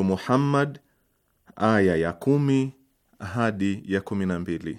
Muhammad aya ya kumi hadi ya kumi na mbili.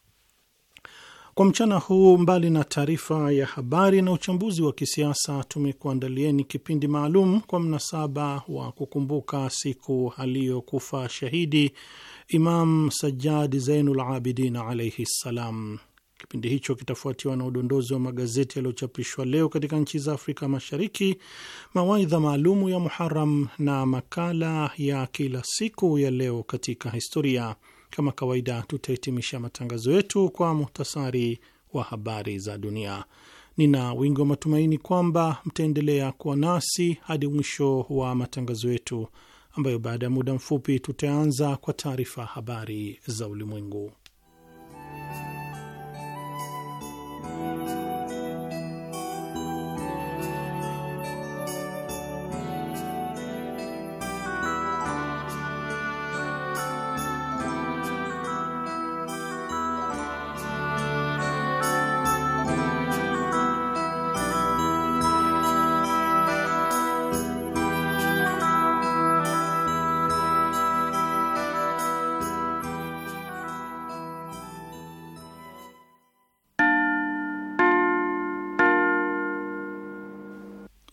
Kwa mchana huu, mbali na taarifa ya habari na uchambuzi wa kisiasa, tumekuandalieni kipindi maalum kwa mnasaba wa kukumbuka siku aliyokufa shahidi Imam Sajjad Zainul Abidin alaihi ssalam. Kipindi hicho kitafuatiwa na udondozi wa magazeti yaliyochapishwa leo katika nchi za Afrika Mashariki, mawaidha maalumu ya Muharam na makala ya kila siku ya leo katika historia kama kawaida, tutahitimisha matangazo yetu kwa muhtasari wa habari za dunia. Nina wingi wa matumaini kwamba mtaendelea kuwa nasi hadi mwisho wa matangazo yetu, ambayo baada ya muda mfupi tutaanza kwa taarifa habari za ulimwengu.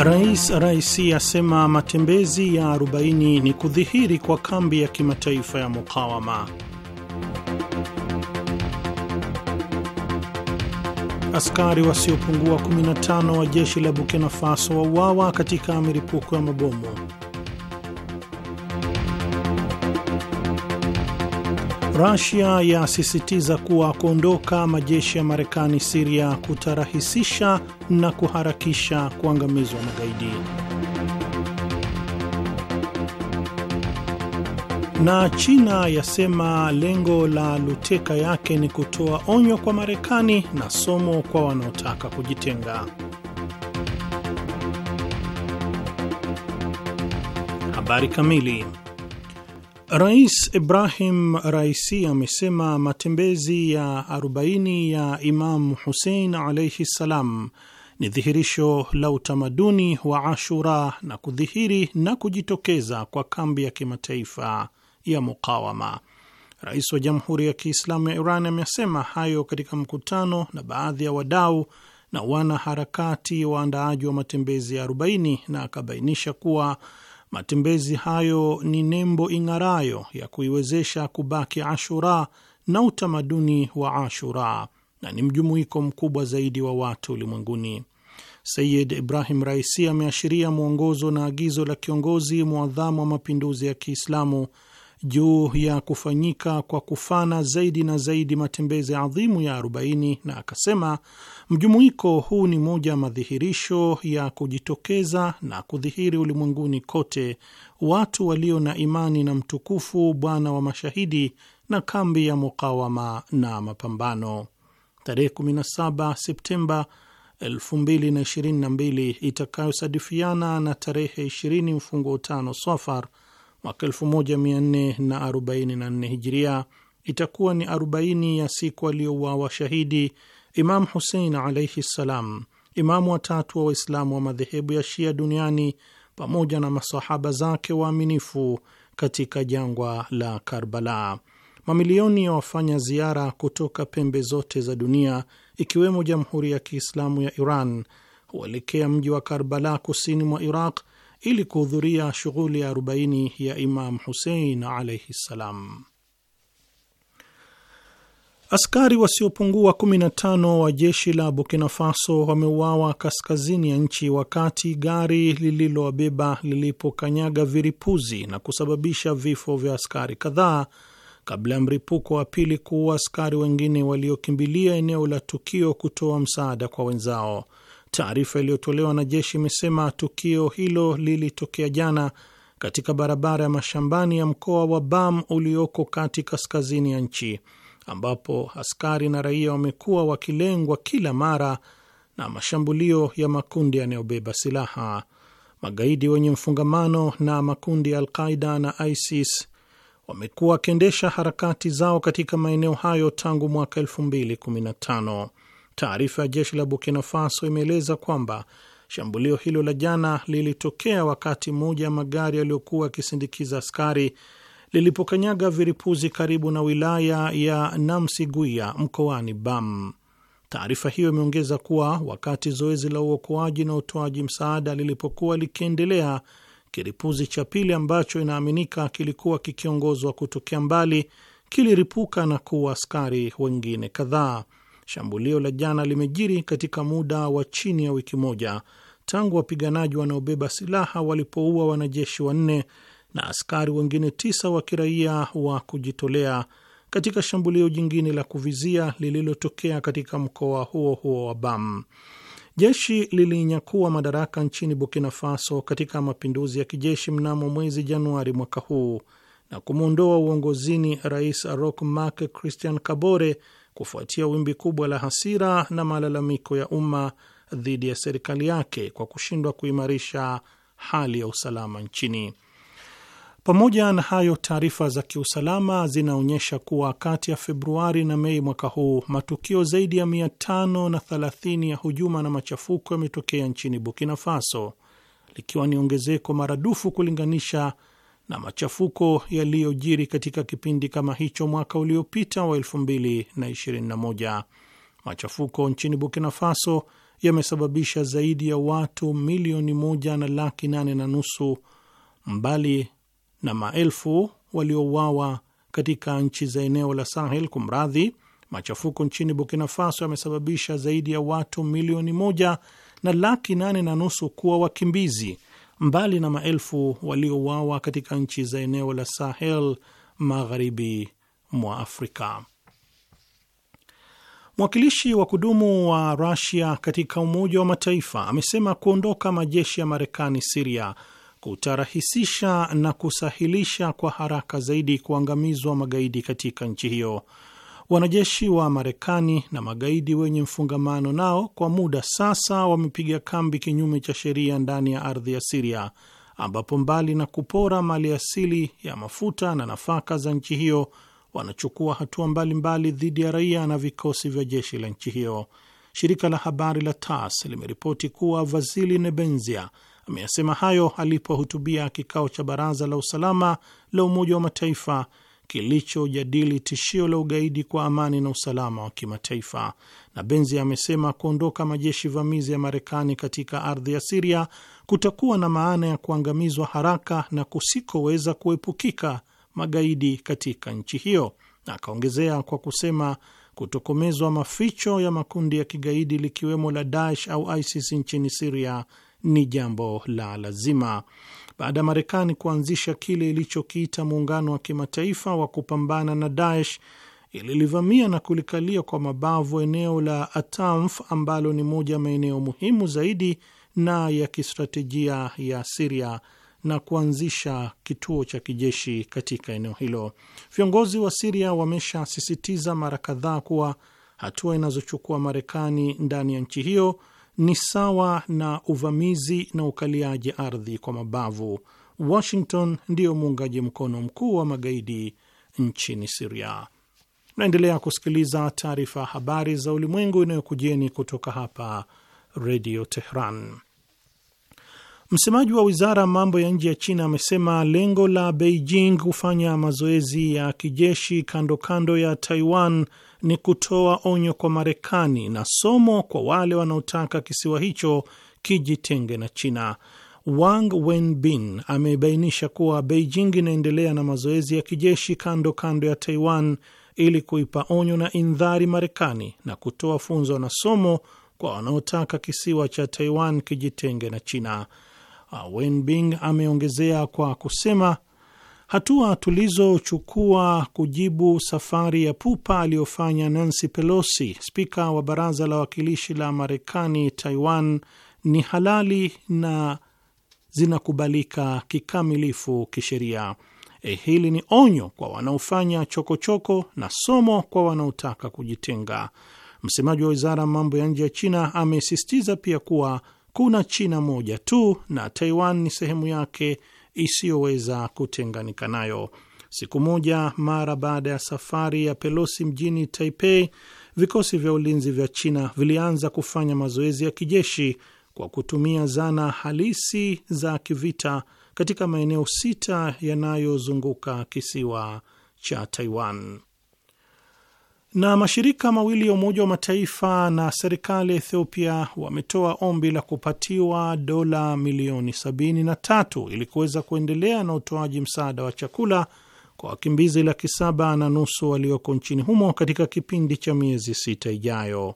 Rais Raisi asema matembezi ya 40 ni kudhihiri kwa kambi ya kimataifa ya mukawama. Askari wasiopungua 15 wa jeshi la Burkina Faso wauawa katika milipuko ya mabomu. Rasia yasisitiza kuwa kuondoka majeshi ya Marekani Siria kutarahisisha na kuharakisha kuangamizwa magaidi. Na China yasema lengo la luteka yake ni kutoa onyo kwa Marekani na somo kwa wanaotaka kujitenga. Habari kamili Rais Ibrahim Raisi amesema matembezi ya 40 ya Imamu Husein alaihi ssalam ni dhihirisho la utamaduni wa Ashura na kudhihiri na kujitokeza kwa kambi ya kimataifa ya mukawama. Rais wa Jamhuri ya Kiislamu ya Iran amesema hayo katika mkutano na baadhi ya wadau na wanaharakati waandaaji wa matembezi ya 40 na akabainisha kuwa Matembezi hayo ni nembo ing'arayo ya kuiwezesha kubaki Ashura na utamaduni wa Ashura, na ni mjumuiko mkubwa zaidi wa watu ulimwenguni. Sayid Ibrahim Raisi ameashiria mwongozo na agizo la kiongozi mwadhamu wa mapinduzi ya Kiislamu juu ya kufanyika kwa kufana zaidi na zaidi matembezi adhimu ya 40 na akasema mjumuiko huu ni moja ya madhihirisho ya kujitokeza na kudhihiri ulimwenguni kote watu walio na imani na mtukufu Bwana wa mashahidi na kambi ya mukawama na mapambano. Tarehe 17 Septemba 2022 itakayosadifiana na tarehe 20 mfungo tano Safar mwaka 1444 Hijria itakuwa ni 40 ya siku aliyouawa shahidi Imam Husein alaihi ssalam, imamu watatu wa Waislamu wa madhehebu ya Shia duniani pamoja na masahaba zake waaminifu katika jangwa la Karbala. Mamilioni ya wafanya ziara kutoka pembe zote za dunia ikiwemo Jamhuri ya Kiislamu ya Iran huelekea mji wa Karbala kusini mwa Iraq ili kuhudhuria shughuli ya 40 ya Imam Husein alaihi ssalam. Askari wasiopungua 15 wa jeshi la Burkina Faso wameuawa kaskazini ya nchi wakati gari lililowabeba lilipokanyaga viripuzi na kusababisha vifo vya askari kadhaa kabla ya mripuko wa pili kuua askari wengine waliokimbilia eneo la tukio kutoa msaada kwa wenzao. Taarifa iliyotolewa na jeshi imesema tukio hilo lilitokea jana katika barabara ya mashambani ya mkoa wa Bam ulioko kati kaskazini ya nchi, ambapo askari na raia wamekuwa wakilengwa kila mara na mashambulio ya makundi yanayobeba silaha. Magaidi wenye mfungamano na makundi ya Alqaida na ISIS wamekuwa wakiendesha harakati zao katika maeneo hayo tangu mwaka 215 Taarifa ya jeshi la Burkina Faso imeeleza kwamba shambulio hilo la jana lilitokea wakati mmoja ya magari yaliyokuwa yakisindikiza askari lilipokanyaga viripuzi karibu na wilaya ya Namsiguia mkoani Bam. Taarifa hiyo imeongeza kuwa wakati zoezi la uokoaji na utoaji msaada lilipokuwa likiendelea, kiripuzi cha pili ambacho inaaminika kilikuwa kikiongozwa kutokea mbali kiliripuka na kuwa askari wengine kadhaa. Shambulio la jana limejiri katika muda wa chini ya wiki moja tangu wapiganaji wanaobeba silaha walipoua wanajeshi wanne na askari wengine tisa wa kiraia wa kujitolea katika shambulio jingine la kuvizia lililotokea katika mkoa huo huo wa Bam. Jeshi lilinyakua madaraka nchini Burkina Faso katika mapinduzi ya kijeshi mnamo mwezi Januari mwaka huu na kumwondoa uongozini rais Roch Marc Christian Kabore kufuatia wimbi kubwa la hasira na malalamiko ya umma dhidi ya serikali yake kwa kushindwa kuimarisha hali ya usalama nchini. Pamoja na hayo, taarifa za kiusalama zinaonyesha kuwa kati ya Februari na Mei mwaka huu matukio zaidi ya 530 ya hujuma na machafuko yametokea nchini Burkina Faso, likiwa ni ongezeko maradufu kulinganisha na machafuko yaliyojiri katika kipindi kama hicho mwaka uliopita wa 2021. Machafuko nchini Burkina Faso yamesababisha zaidi ya watu milioni moja na laki nane na nusu mbali na maelfu waliouawa katika nchi za eneo la Sahel. Kumradhi, machafuko nchini Burkina Faso yamesababisha zaidi ya watu milioni moja na laki nane na nusu kuwa wakimbizi mbali na maelfu waliouawa katika nchi za eneo la Sahel magharibi mwa Afrika. Mwakilishi wa kudumu wa Rusia katika Umoja wa Mataifa amesema kuondoka majeshi ya Marekani Siria kutarahisisha na kusahilisha kwa haraka zaidi kuangamizwa magaidi katika nchi hiyo. Wanajeshi wa Marekani na magaidi wenye mfungamano nao kwa muda sasa wamepiga kambi kinyume cha sheria ndani ya ardhi ya Siria, ambapo mbali na kupora mali asili ya mafuta na nafaka za nchi hiyo wanachukua hatua mbalimbali dhidi ya raia na vikosi vya jeshi la nchi hiyo. Shirika la habari la TAS limeripoti kuwa Vasili Nebenzia ameyasema hayo alipohutubia kikao cha Baraza la Usalama la Umoja wa Mataifa kilichojadili tishio la ugaidi kwa amani na usalama wa kimataifa. Na Benzi amesema kuondoka majeshi vamizi ya Marekani katika ardhi ya Siria kutakuwa na maana ya kuangamizwa haraka na kusikoweza kuepukika magaidi katika nchi hiyo, na akaongezea kwa kusema kutokomezwa maficho ya makundi ya kigaidi likiwemo la Daesh au ISIS nchini Siria ni jambo la lazima baada ya Marekani kuanzisha kile ilichokiita muungano wa kimataifa wa kupambana na Daesh ililivamia na kulikalia kwa mabavu eneo la Atamf ambalo ni moja ya maeneo muhimu zaidi na ya kistratejia ya Siria na kuanzisha kituo cha kijeshi katika eneo hilo. Viongozi wa Siria wameshasisitiza mara kadhaa kuwa hatua inazochukua Marekani ndani ya nchi hiyo ni sawa na uvamizi na ukaliaji ardhi kwa mabavu. Washington ndiyo muungaji mkono mkuu wa magaidi nchini Siria. Naendelea kusikiliza taarifa ya habari za ulimwengu inayokujeni kutoka hapa Redio Tehran. Msemaji wa wizara ya mambo ya nje ya China amesema lengo la Beijing kufanya mazoezi ya kijeshi kando kando ya Taiwan ni kutoa onyo kwa Marekani na somo kwa wale wanaotaka kisiwa hicho kijitenge na China. Wang Wenbin amebainisha kuwa Beijing inaendelea na mazoezi ya kijeshi kando kando ya Taiwan ili kuipa onyo na indhari Marekani na kutoa funzo na somo kwa wanaotaka kisiwa cha Taiwan kijitenge na China. Wenbing ameongezea kwa kusema hatua tulizochukua kujibu safari ya pupa aliyofanya Nancy Pelosi, spika wa baraza la wakilishi la Marekani, Taiwan ni halali na zinakubalika kikamilifu kisheria. E, hili ni onyo kwa wanaofanya chokochoko na somo kwa wanaotaka kujitenga. Msemaji wa wizara ya mambo ya nje ya China amesisitiza pia kuwa kuna China moja tu na Taiwan ni sehemu yake isiyoweza kutenganika nayo. Siku moja mara baada ya safari ya Pelosi mjini Taipei, vikosi vya ulinzi vya China vilianza kufanya mazoezi ya kijeshi kwa kutumia zana halisi za kivita katika maeneo sita yanayozunguka kisiwa cha Taiwan. Na mashirika mawili ya Umoja wa Mataifa na serikali ya Ethiopia wametoa ombi la kupatiwa dola milioni 73 ili kuweza kuendelea na utoaji msaada wa chakula kwa wakimbizi laki saba na nusu walioko nchini humo katika kipindi cha miezi sita ijayo.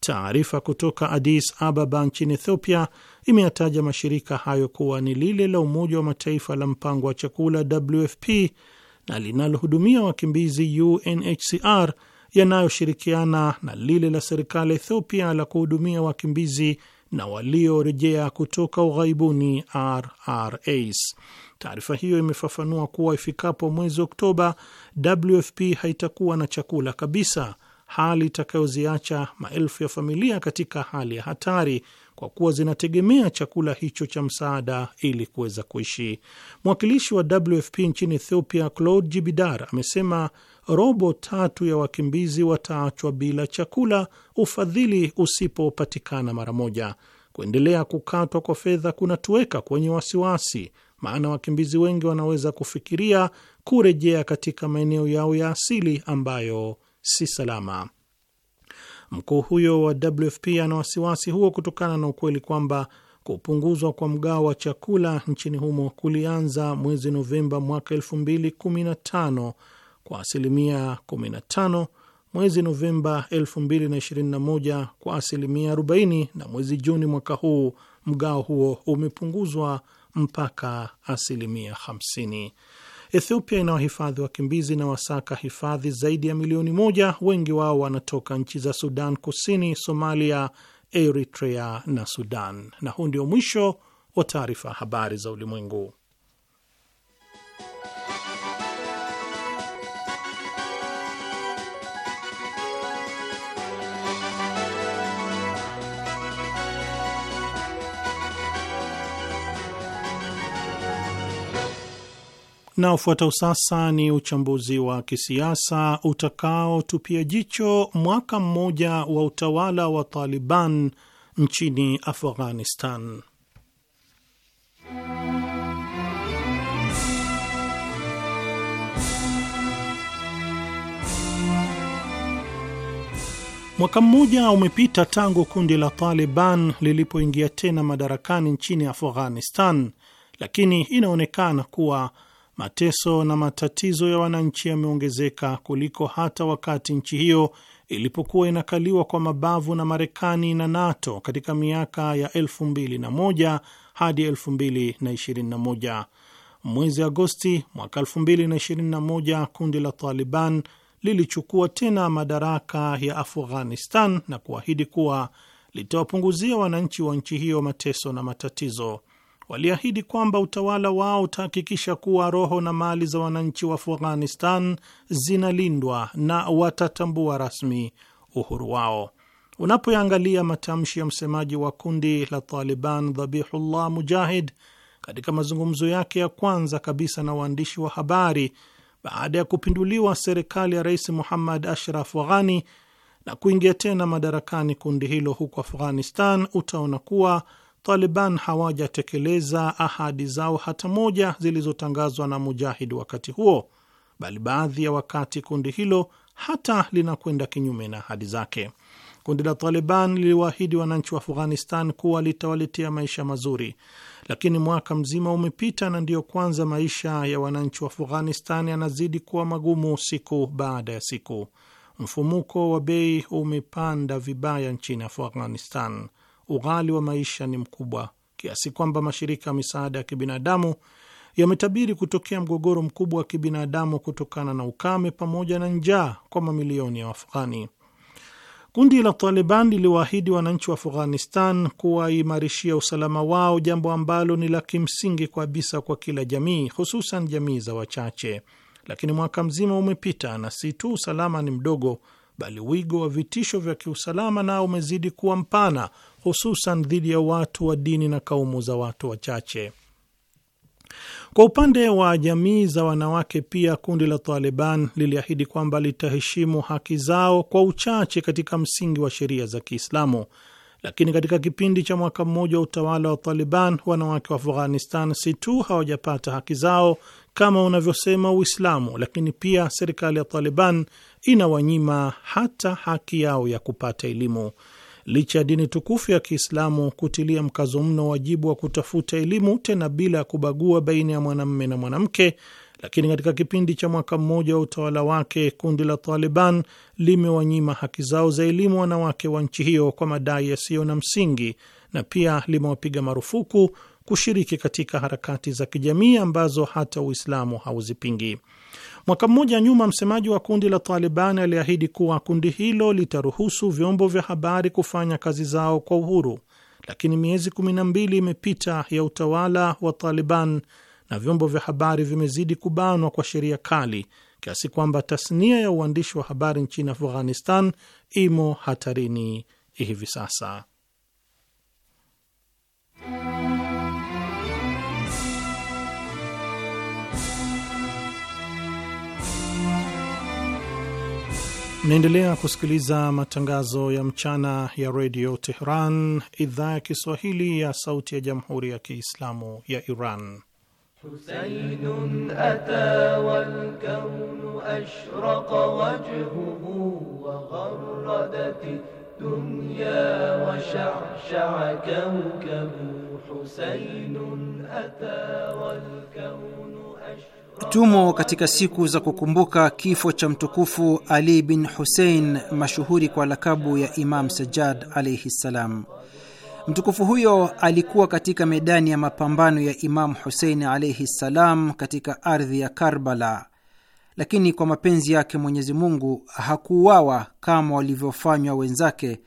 Taarifa kutoka Addis Ababa nchini Ethiopia imeyataja mashirika hayo kuwa ni lile la Umoja wa Mataifa la mpango wa chakula WFP na linalohudumia wakimbizi UNHCR yanayoshirikiana na lile la serikali Ethiopia la kuhudumia wakimbizi na waliorejea kutoka ughaibuni RRAs. Taarifa hiyo imefafanua kuwa ifikapo mwezi Oktoba, WFP haitakuwa na chakula kabisa, hali itakayoziacha maelfu ya familia katika hali ya hatari kwa kuwa zinategemea chakula hicho cha msaada ili kuweza kuishi. Mwakilishi wa WFP nchini Ethiopia, Claude Jibidar, amesema robo tatu ya wakimbizi wataachwa bila chakula, ufadhili usipopatikana mara moja. Kuendelea kukatwa kwa fedha kunatuweka kwenye wasiwasi, maana wakimbizi wengi wanaweza kufikiria kurejea katika maeneo yao ya asili ambayo si salama. Mkuu huyo wa WFP ana wasiwasi huo kutokana na ukweli kwamba kupunguzwa kwa mgao wa chakula nchini humo kulianza mwezi Novemba mwaka 215 kwa asilimia 15 mwezi Novemba 2021 kwa asilimia 40 na mwezi Juni mwaka huu mgao huo umepunguzwa mpaka asilimia 50. Ethiopia inawahifadhi wakimbizi na wasaka hifadhi zaidi ya milioni moja, wengi wao wanatoka nchi za Sudan Kusini, Somalia, Eritrea na Sudan. Na huu ndio mwisho wa taarifa habari za ulimwengu. Na ufuatao sasa ni uchambuzi wa kisiasa utakaotupia jicho mwaka mmoja wa utawala wa Taliban nchini Afghanistan. Mwaka mmoja umepita tangu kundi la Taliban lilipoingia tena madarakani nchini Afghanistan, lakini inaonekana kuwa mateso na matatizo ya wananchi yameongezeka kuliko hata wakati nchi hiyo ilipokuwa inakaliwa kwa mabavu na Marekani na NATO katika miaka ya 2001 hadi 2021. Mwezi Agosti mwaka 2021 kundi la Taliban lilichukua tena madaraka ya Afghanistan na kuahidi kuwa litawapunguzia wananchi wa nchi hiyo mateso na matatizo waliahidi kwamba utawala wao utahakikisha kuwa roho na mali za wananchi wa Afghanistan zinalindwa na watatambua rasmi uhuru wao. Unapoyaangalia matamshi ya msemaji wa kundi la Taliban Dhabihullah Mujahid katika mazungumzo yake ya kwanza kabisa na waandishi wa habari baada ya kupinduliwa serikali ya Rais Muhammad Ashraf Ghani na kuingia tena madarakani kundi hilo huko Afghanistan, utaona kuwa Taliban hawajatekeleza ahadi zao hata moja zilizotangazwa na Mujahid wakati huo, bali baadhi ya wakati kundi hilo hata linakwenda kinyume na ahadi zake. Kundi la Taliban liliwaahidi wananchi wa Afghanistan kuwa litawaletea maisha mazuri, lakini mwaka mzima umepita na ndiyo kwanza maisha ya wananchi wa Afghanistan yanazidi kuwa magumu siku baada ya siku. Mfumuko wa bei umepanda vibaya nchini Afghanistan ughali wa maisha ni mkubwa kiasi kwamba mashirika ya misaada ya kibinadamu yametabiri kutokea mgogoro mkubwa wa kibinadamu kutokana na ukame pamoja na njaa kwa mamilioni ya Waafghani. Kundi la Taliban liliwaahidi wananchi wa Afghanistan kuwaimarishia usalama wao, jambo ambalo ni la kimsingi kabisa kwa kila jamii, hususan jamii za wachache. Lakini mwaka mzima umepita na si tu usalama ni mdogo, bali wigo wa vitisho vya kiusalama nao umezidi kuwa mpana, hususan dhidi ya watu wa dini na kaumu za watu wachache. Kwa upande wa jamii za wanawake pia, kundi la Taliban liliahidi kwamba litaheshimu haki zao kwa uchache katika msingi wa sheria za Kiislamu, lakini katika kipindi cha mwaka mmoja wa utawala wa Taliban, wanawake wa Afghanistan si tu hawajapata haki zao kama unavyosema Uislamu, lakini pia serikali ya Taliban inawanyima hata haki yao ya kupata elimu licha ya dini tukufu ya Kiislamu kutilia mkazo mno wajibu wa kutafuta elimu, tena bila ya kubagua baina ya mwanamume na mwanamke, lakini katika kipindi cha mwaka mmoja wa utawala wake kundi la Taliban limewanyima haki zao za elimu wanawake wa nchi hiyo kwa madai yasiyo na msingi, na pia limewapiga marufuku kushiriki katika harakati za kijamii ambazo hata Uislamu hauzipingi. Mwaka mmoja nyuma, msemaji wa kundi la Taliban aliahidi kuwa kundi hilo litaruhusu vyombo vya habari kufanya kazi zao kwa uhuru, lakini miezi 12 imepita ya utawala wa Taliban na vyombo vya habari vimezidi kubanwa kwa sheria kali kiasi kwamba tasnia ya uandishi wa habari nchini Afghanistan imo hatarini hivi sasa. naendelea kusikiliza matangazo ya mchana ya redio Tehran, idhaa ya Kiswahili ya sauti ya jamhuri ya kiislamu ya Iran. Husainun ata ashraqa wajhuhu dunya Husainun ata Tumo katika siku za kukumbuka kifo cha mtukufu Ali bin husein mashuhuri kwa lakabu ya Imam Sajjad alaihi ssalam. Mtukufu huyo alikuwa katika medani ya mapambano ya Imamu Husein alaihi ssalam katika ardhi ya Karbala, lakini kwa mapenzi yake Mwenyezi Mungu hakuuawa kama walivyofanywa wenzake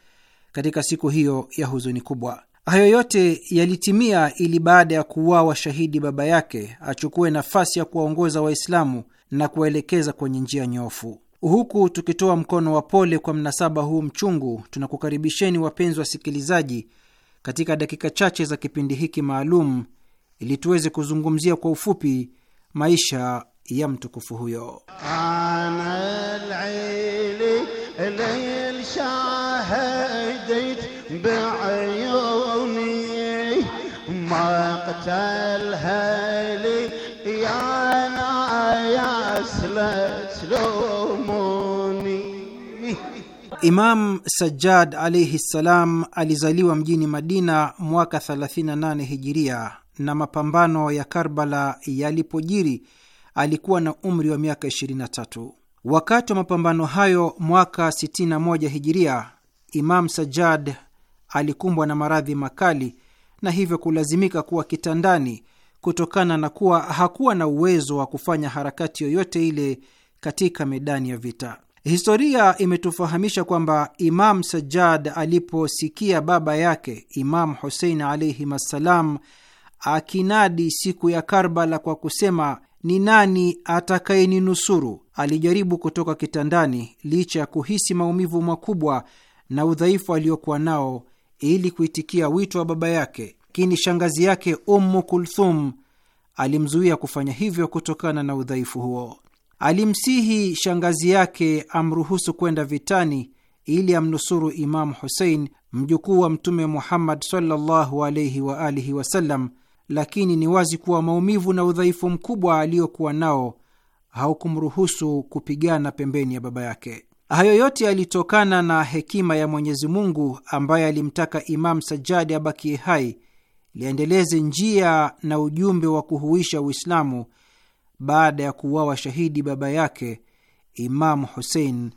katika siku hiyo ya huzuni kubwa. Hayo yote yalitimia ili baada ya kuuawa shahidi baba yake achukue nafasi ya kuwaongoza Waislamu na kuwaelekeza kwenye njia nyofu. Huku tukitoa mkono wa pole kwa mnasaba huu mchungu, tunakukaribisheni wapenzi wasikilizaji, katika dakika chache za kipindi hiki maalum ili tuweze kuzungumzia kwa ufupi maisha ya mtukufu huyo. الهلي يا Imam Sajjad alaihi ssalam alizaliwa mjini Madina mwaka 38 hijiria, na mapambano ya Karbala yalipojiri alikuwa na umri wa miaka 23. Wakati wa mapambano hayo mwaka 61 hijiria, Imam Sajjad alikumbwa na maradhi makali na hivyo kulazimika kuwa kitandani kutokana na kuwa hakuwa na uwezo wa kufanya harakati yoyote ile katika medani ya vita. Historia imetufahamisha kwamba Imam Sajjad aliposikia baba yake Imam Husein alaihim assalam akinadi siku ya Karbala kwa kusema ni nani atakayeninusuru, alijaribu kutoka kitandani licha ya kuhisi maumivu makubwa na udhaifu aliokuwa nao ili kuitikia wito wa baba yake, lakini shangazi yake Ummu Kulthum alimzuia kufanya hivyo kutokana na udhaifu huo. Alimsihi shangazi yake amruhusu kwenda vitani ili amnusuru Imamu Husein, mjukuu wa Mtume Muhammad sallallahu alaihi wa alihi wasallam, lakini ni wazi kuwa maumivu na udhaifu mkubwa aliyokuwa nao haukumruhusu kupigana pembeni ya baba yake. Hayo yote yalitokana na hekima ya Mwenyezi Mungu ambaye alimtaka Imam Sajjadi abakie hai liendeleze njia na ujumbe wa kuhuisha Uislamu baada ya kuuawa shahidi baba yake Imamu Husein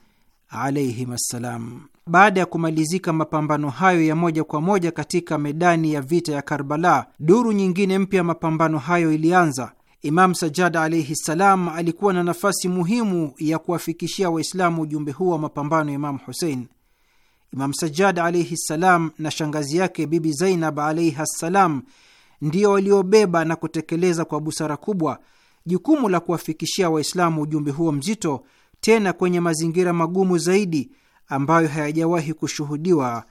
alaihim assalam. Baada ya kumalizika mapambano hayo ya moja kwa moja katika medani ya vita ya Karbala, duru nyingine mpya ya mapambano hayo ilianza Imam Sajjad alaihi ssalam alikuwa na nafasi muhimu ya kuwafikishia Waislamu ujumbe huu wa mapambano ya Imamu Husein. Imam Sajjad alaihi ssalam na shangazi yake Bibi Zainab alaiha ssalam ndio waliobeba na kutekeleza kwa busara kubwa jukumu la kuwafikishia Waislamu ujumbe huo mzito, tena kwenye mazingira magumu zaidi ambayo hayajawahi kushuhudiwa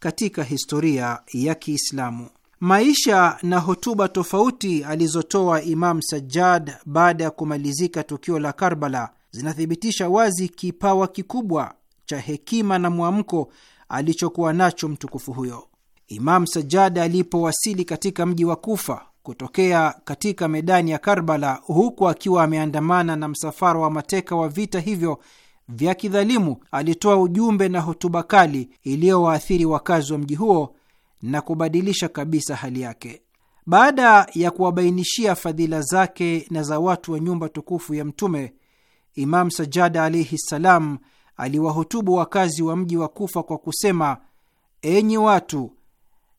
katika historia ya Kiislamu. Maisha na hotuba tofauti alizotoa Imam Sajjad baada ya kumalizika tukio la Karbala zinathibitisha wazi kipawa kikubwa cha hekima na mwamko alichokuwa nacho mtukufu huyo. Imam Sajjad alipowasili katika mji wa Kufa kutokea katika medani ya Karbala, huku akiwa ameandamana na msafara wa mateka wa vita hivyo vya kidhalimu, alitoa ujumbe na hotuba kali iliyowaathiri wakazi wa mji huo na kubadilisha kabisa hali yake. Baada ya kuwabainishia fadhila zake na za watu wa nyumba tukufu ya Mtume, Imam sajada alaihi ssalam aliwahutubu wakazi wa mji wa Kufa kwa kusema: enyi watu,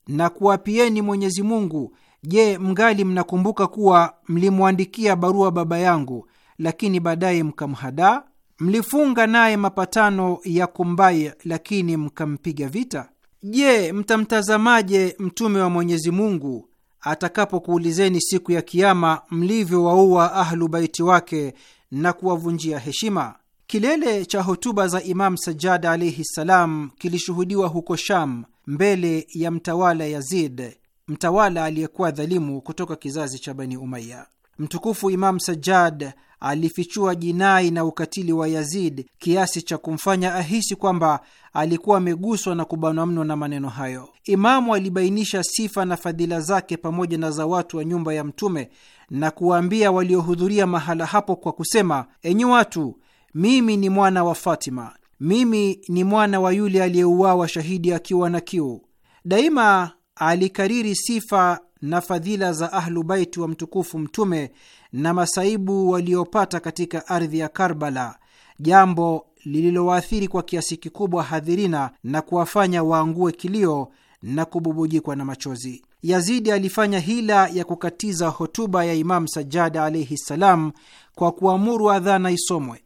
na kuwapieni Mwenyezi Mungu, je, mngali mnakumbuka kuwa mlimwandikia barua baba yangu, lakini baadaye mkamhadaa? Mlifunga naye mapatano ya kumbai, lakini mkampiga vita Je, mtamtazamaje mtume wa Mwenyezi Mungu atakapokuulizeni siku ya Kiama mlivyowaua Ahlu Baiti wake na kuwavunjia heshima? Kilele cha hotuba za Imamu Sajjad alaihi ssalam kilishuhudiwa huko Sham mbele ya mtawala Yazid, mtawala aliyekuwa dhalimu kutoka kizazi cha Bani Umaya. Mtukufu Imamu Sajjad alifichua jinai na ukatili wa Yazid kiasi cha kumfanya ahisi kwamba alikuwa ameguswa na kubanwa mno na maneno hayo. Imamu alibainisha sifa na fadhila zake pamoja na za watu wa nyumba ya Mtume na kuwaambia waliohudhuria mahala hapo kwa kusema, enyi watu, mimi ni mwana wa Fatima, mimi ni mwana wa yule aliyeuawa shahidi akiwa na kiu. Daima alikariri sifa na fadhila za Ahlubaiti wa mtukufu Mtume na masaibu waliopata katika ardhi ya Karbala, jambo lililowaathiri kwa kiasi kikubwa hadhirina na kuwafanya waangue kilio na kububujikwa na machozi. Yazidi alifanya hila ya kukatiza hotuba ya Imamu Sajjad alaihi ssalam kwa kuamuru adhana isomwe.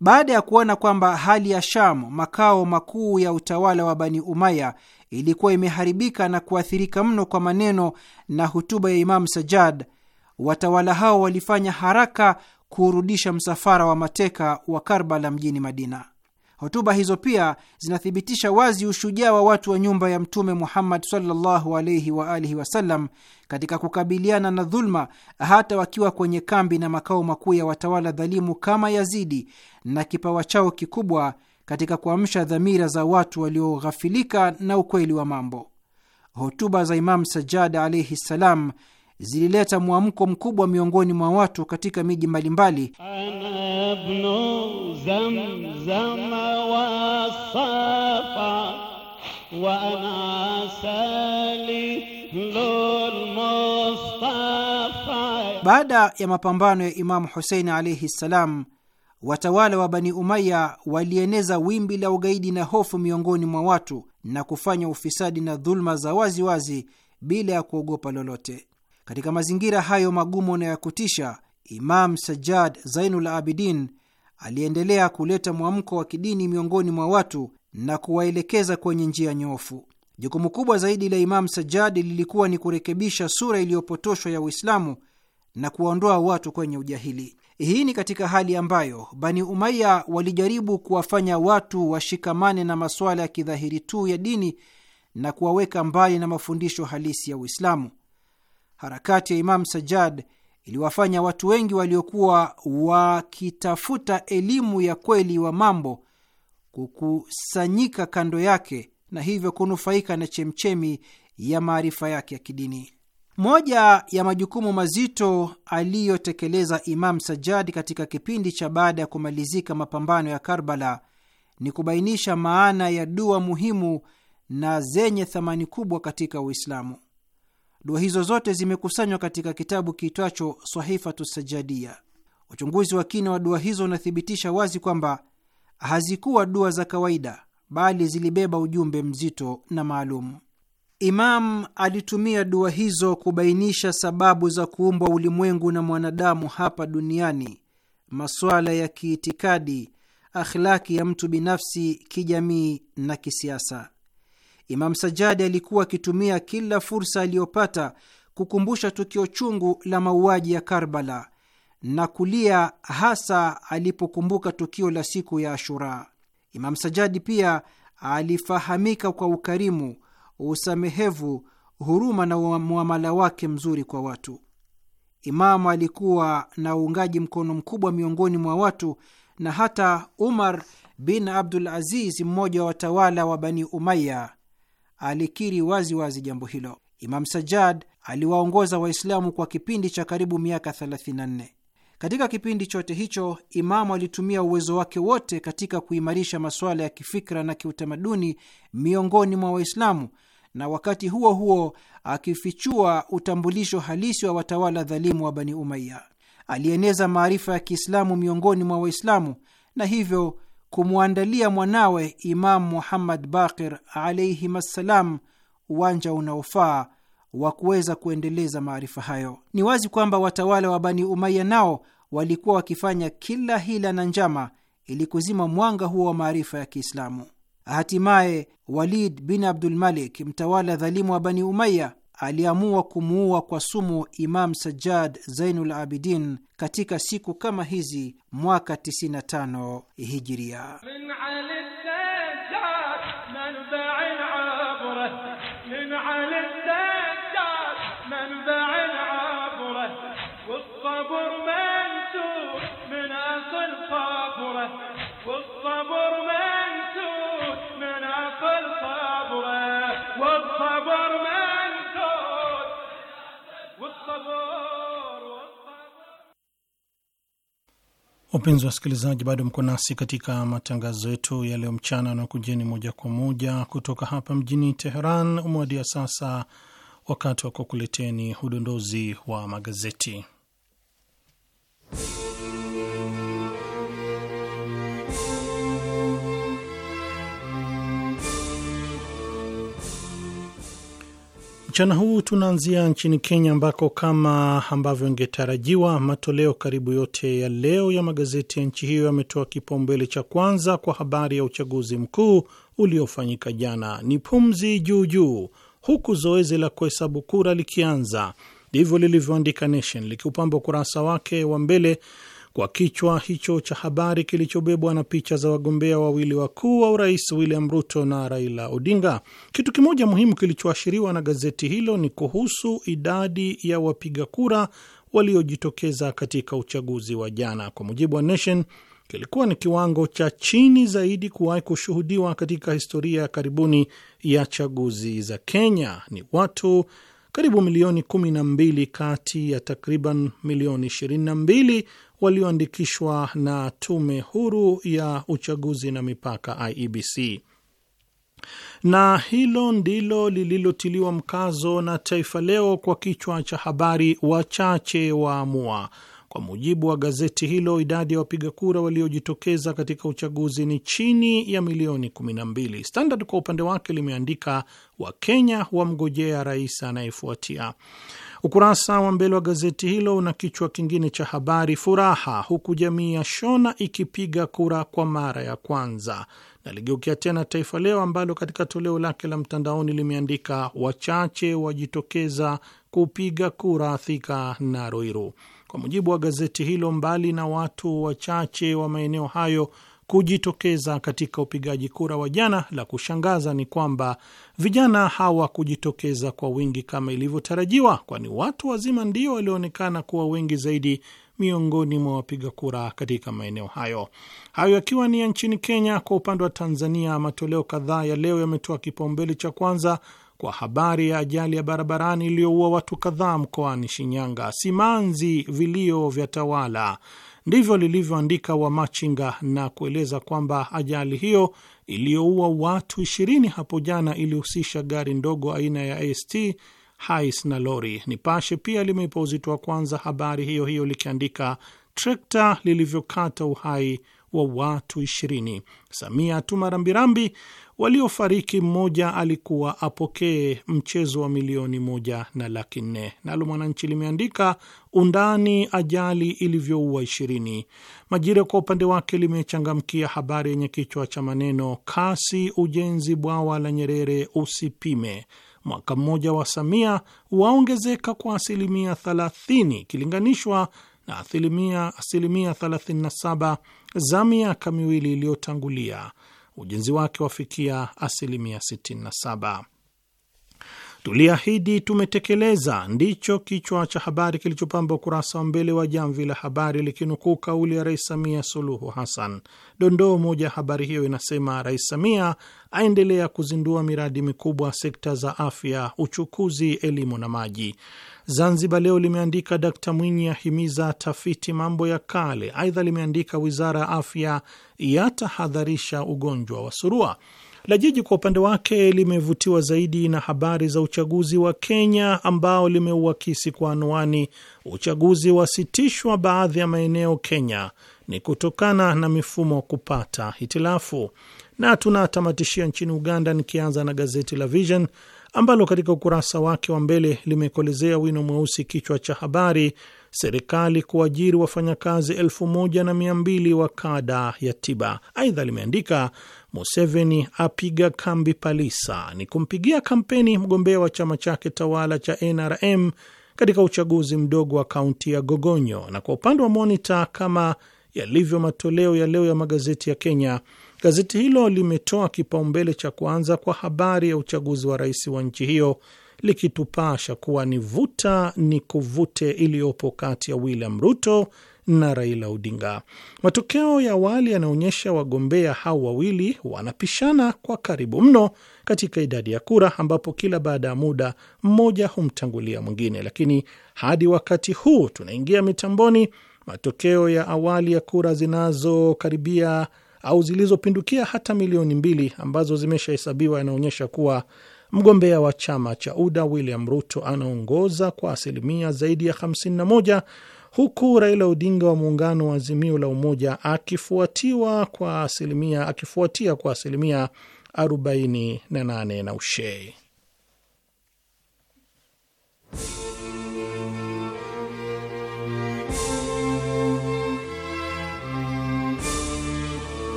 Baada ya kuona kwamba hali ya Sham, makao makuu ya utawala wa Bani Umaya, ilikuwa imeharibika na kuathirika mno kwa maneno na hotuba ya Imamu Sajjad, watawala hao walifanya haraka kuurudisha msafara wa mateka wa Karbala mjini Madina. Hotuba hizo pia zinathibitisha wazi ushujaa wa watu wa nyumba ya Mtume Muhammad sallallahu alaihi wa alihi wasallam katika kukabiliana na dhuluma, hata wakiwa kwenye kambi na makao makuu ya watawala dhalimu kama Yazidi, na kipawa chao kikubwa katika kuamsha dhamira za watu walioghafilika na ukweli wa mambo. Hotuba za Imam Sajjad alaihi ssalam zilileta mwamko mkubwa miongoni mwa watu katika miji mbalimbali baada ya mapambano ya Imamu Husein alaihi ssalam. Watawala wa Bani Umaya walieneza wimbi la ugaidi na hofu miongoni mwa watu na kufanya ufisadi na dhuluma za waziwazi bila ya kuogopa lolote. Katika mazingira hayo magumu na ya kutisha, Imam Sajjad Zainul Abidin aliendelea kuleta mwamko wa kidini miongoni mwa watu na kuwaelekeza kwenye njia nyoofu. Jukumu kubwa zaidi la Imam Sajjad lilikuwa ni kurekebisha sura iliyopotoshwa ya Uislamu na kuwaondoa watu kwenye ujahili. Hii ni katika hali ambayo Bani Umaya walijaribu kuwafanya watu washikamane na masuala ya kidhahiri tu ya dini na kuwaweka mbali na mafundisho halisi ya Uislamu harakati ya Imam Sajjad iliwafanya watu wengi waliokuwa wakitafuta elimu ya kweli wa mambo kukusanyika kando yake na hivyo kunufaika na chemchemi ya maarifa yake ya kidini. Moja ya majukumu mazito aliyotekeleza Imam Sajjad katika kipindi cha baada ya kumalizika mapambano ya Karbala ni kubainisha maana ya dua muhimu na zenye thamani kubwa katika Uislamu. Dua hizo zote zimekusanywa katika kitabu kiitwacho Sahifatu Sajadia. Uchunguzi wa kina wa dua hizo unathibitisha wazi kwamba hazikuwa dua za kawaida, bali zilibeba ujumbe mzito na maalum. Imam alitumia dua hizo kubainisha sababu za kuumbwa ulimwengu na mwanadamu hapa duniani, masuala ya kiitikadi, akhlaki ya mtu binafsi, kijamii na kisiasa. Imam Sajadi alikuwa akitumia kila fursa aliyopata kukumbusha tukio chungu la mauaji ya Karbala na kulia hasa alipokumbuka tukio la siku ya Ashura. Imam Sajadi pia alifahamika kwa ukarimu, usamehevu, huruma na muamala wake mzuri kwa watu. Imamu alikuwa na uungaji mkono mkubwa miongoni mwa watu na hata Umar bin Abdul Aziz, mmoja wa watawala wa Bani Umaya, alikiri waziwazi wazi jambo hilo. Imam Sajjad aliwaongoza Waislamu kwa kipindi cha karibu miaka 34. Katika kipindi chote hicho, Imamu alitumia uwezo wake wote katika kuimarisha masuala ya kifikra na kiutamaduni miongoni mwa Waislamu na wakati huo huo akifichua utambulisho halisi wa watawala dhalimu wa Bani Umaya. Alieneza maarifa ya Kiislamu miongoni mwa Waislamu na hivyo kumwandalia mwanawe imam Muhammad Baqir alayhim assalam uwanja unaofaa wa kuweza kuendeleza maarifa hayo. Ni wazi kwamba watawala wa Bani Umaya nao walikuwa wakifanya kila hila na njama ili kuzima mwanga huo wa maarifa ya Kiislamu. Hatimaye Walid bin Abdulmalik, mtawala dhalimu wa Bani Umaya, aliamua kumuua kwa sumu Imam Sajjad Zainul Abidin katika siku kama hizi mwaka 95 Hijiria. Wapenzi wa wasikilizaji, bado mko nasi katika matangazo yetu ya leo mchana na kujeni moja kwa moja kutoka hapa mjini Teheran. Umewadia sasa wakati wa kukuleteni udondozi wa magazeti Mchana huu tunaanzia nchini Kenya ambako kama ambavyo ingetarajiwa matoleo karibu yote ya leo ya magazeti ya nchi hiyo yametoa kipaumbele cha kwanza kwa habari ya uchaguzi mkuu uliofanyika jana. Ni pumzi juu juu, huku zoezi la kuhesabu kura likianza, ndivyo lilivyoandika Nation likiupamba ukurasa wake wa mbele kwa kichwa hicho cha habari kilichobebwa na picha za wagombea wawili wakuu wa urais William Ruto na Raila Odinga. Kitu kimoja muhimu kilichoashiriwa na gazeti hilo ni kuhusu idadi ya wapiga kura waliojitokeza katika uchaguzi wa jana. Kwa mujibu wa Nation, kilikuwa ni kiwango cha chini zaidi kuwahi kushuhudiwa katika historia ya karibuni ya chaguzi za Kenya, ni watu karibu milioni kumi na mbili kati ya takriban milioni mbili walioandikishwa na tume huru ya uchaguzi na mipaka IEBC. Na hilo ndilo lililotiliwa mkazo na Taifa Leo kwa kichwa cha habari, wachache waamua kwa mujibu wa gazeti hilo, idadi ya wapiga kura waliojitokeza katika uchaguzi ni chini ya milioni 12. Standard kwa upande wake limeandika Wakenya wamgojea rais anayefuatia. Ukurasa wa mbele wa gazeti hilo una kichwa kingine cha habari, furaha huku jamii ya Shona ikipiga kura kwa mara ya kwanza. Naligeukia tena Taifa Leo ambalo katika toleo lake la mtandaoni limeandika wachache wajitokeza kupiga kura Thika na Ruiru. Kwa mujibu wa gazeti hilo, mbali na watu wachache wa maeneo hayo kujitokeza katika upigaji kura wa jana, la kushangaza ni kwamba vijana hawakujitokeza kwa wingi kama ilivyotarajiwa, kwani watu wazima ndio walioonekana kuwa wengi zaidi miongoni mwa wapiga kura katika maeneo hayo. Hayo yakiwa ni ya nchini Kenya. Kwa upande wa Tanzania, matoleo kadhaa ya leo yametoa kipaumbele cha kwanza kwa habari ya ajali ya barabarani iliyoua watu kadhaa mkoani Shinyanga. Simanzi vilio vya tawala, ndivyo lilivyoandika Wamachinga na kueleza kwamba ajali hiyo iliyoua watu ishirini hapo jana ilihusisha gari ndogo aina ya ST hais na lori. Nipashe pia limeipa uzito wa kwanza habari hiyo hiyo likiandika trekta lilivyokata uhai wa watu ishirini. Samia atuma rambirambi waliofariki mmoja alikuwa apokee mchezo wa milioni moja na laki nne. Nalo Mwananchi limeandika undani ajali ilivyoua ishirini. Majira kwa upande wake limechangamkia habari yenye kichwa cha maneno kasi ujenzi bwawa la Nyerere usipime, mwaka mmoja wa Samia waongezeka kwa asilimia 30 ikilinganishwa na asilimia 37 za miaka miwili iliyotangulia ujenzi wake wafikia asilimia 67. Tuliahidi tumetekeleza, ndicho kichwa cha habari kilichopamba ukurasa wa mbele wa Jamvi la Habari, likinukuu kauli ya Rais Samia Suluhu Hassan. Dondoo moja ya habari hiyo inasema, Rais Samia aendelea kuzindua miradi mikubwa sekta za afya, uchukuzi, elimu na maji. Zanzibar Leo limeandika Dkt Mwinyi ahimiza tafiti mambo ya kale. Aidha limeandika wizara ya afya yatahadharisha ugonjwa wa surua. La Jiji kwa upande wake limevutiwa zaidi na habari za uchaguzi wa Kenya ambao limeuakisi kwa anwani, uchaguzi wasitishwa baadhi ya maeneo Kenya ni kutokana na mifumo kupata hitilafu. Na tunatamatishia nchini Uganda, nikianza na gazeti la Vision ambalo katika ukurasa wake wa mbele limekolezea wino mweusi kichwa cha habari, serikali kuajiri wafanyakazi elfu moja na mia mbili wa kada ya tiba. Aidha limeandika Museveni apiga kambi Palisa, ni kumpigia kampeni mgombea wa chama chake tawala cha NRM katika uchaguzi mdogo wa kaunti ya Gogonyo. Na kwa upande wa Monita, kama yalivyo matoleo ya leo ya magazeti ya Kenya Gazeti hilo limetoa kipaumbele cha kwanza kwa habari ya uchaguzi wa rais wa nchi hiyo likitupasha kuwa ni vuta ni kuvute iliyopo kati ya William Ruto na Raila Odinga. Matokeo ya awali yanaonyesha wagombea hao wawili wanapishana kwa karibu mno katika idadi ya kura, ambapo kila baada ya muda mmoja humtangulia mwingine. Lakini hadi wakati huu tunaingia mitamboni, matokeo ya awali ya kura zinazokaribia au zilizopindukia hata milioni mbili ambazo zimeshahesabiwa, yanaonyesha kuwa mgombea wa chama cha UDA William Ruto anaongoza kwa asilimia zaidi ya 51 huku Raila Odinga wa muungano wa Azimio la Umoja akifuatiwa kwa asilimia akifuatia kwa asilimia 48 na ushei.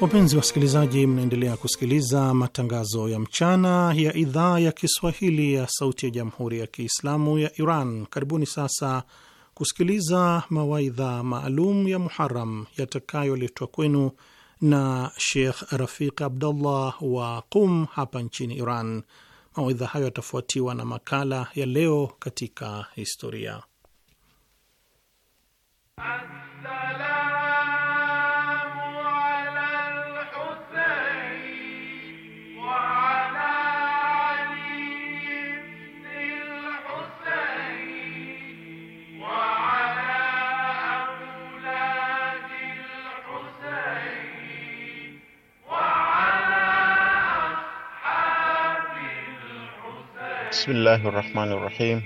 Wapenzi wasikilizaji, mnaendelea kusikiliza matangazo ya mchana ya idhaa ya Kiswahili ya Sauti ya Jamhuri ya Kiislamu ya Iran. Karibuni sasa kusikiliza mawaidha maalum ya Muharam yatakayoletwa kwenu na Sheikh Rafiq Abdullah wa Qum hapa nchini Iran. Mawaidha hayo yatafuatiwa na makala ya leo katika historia Assalam. بسم الله الرحمن الرحيم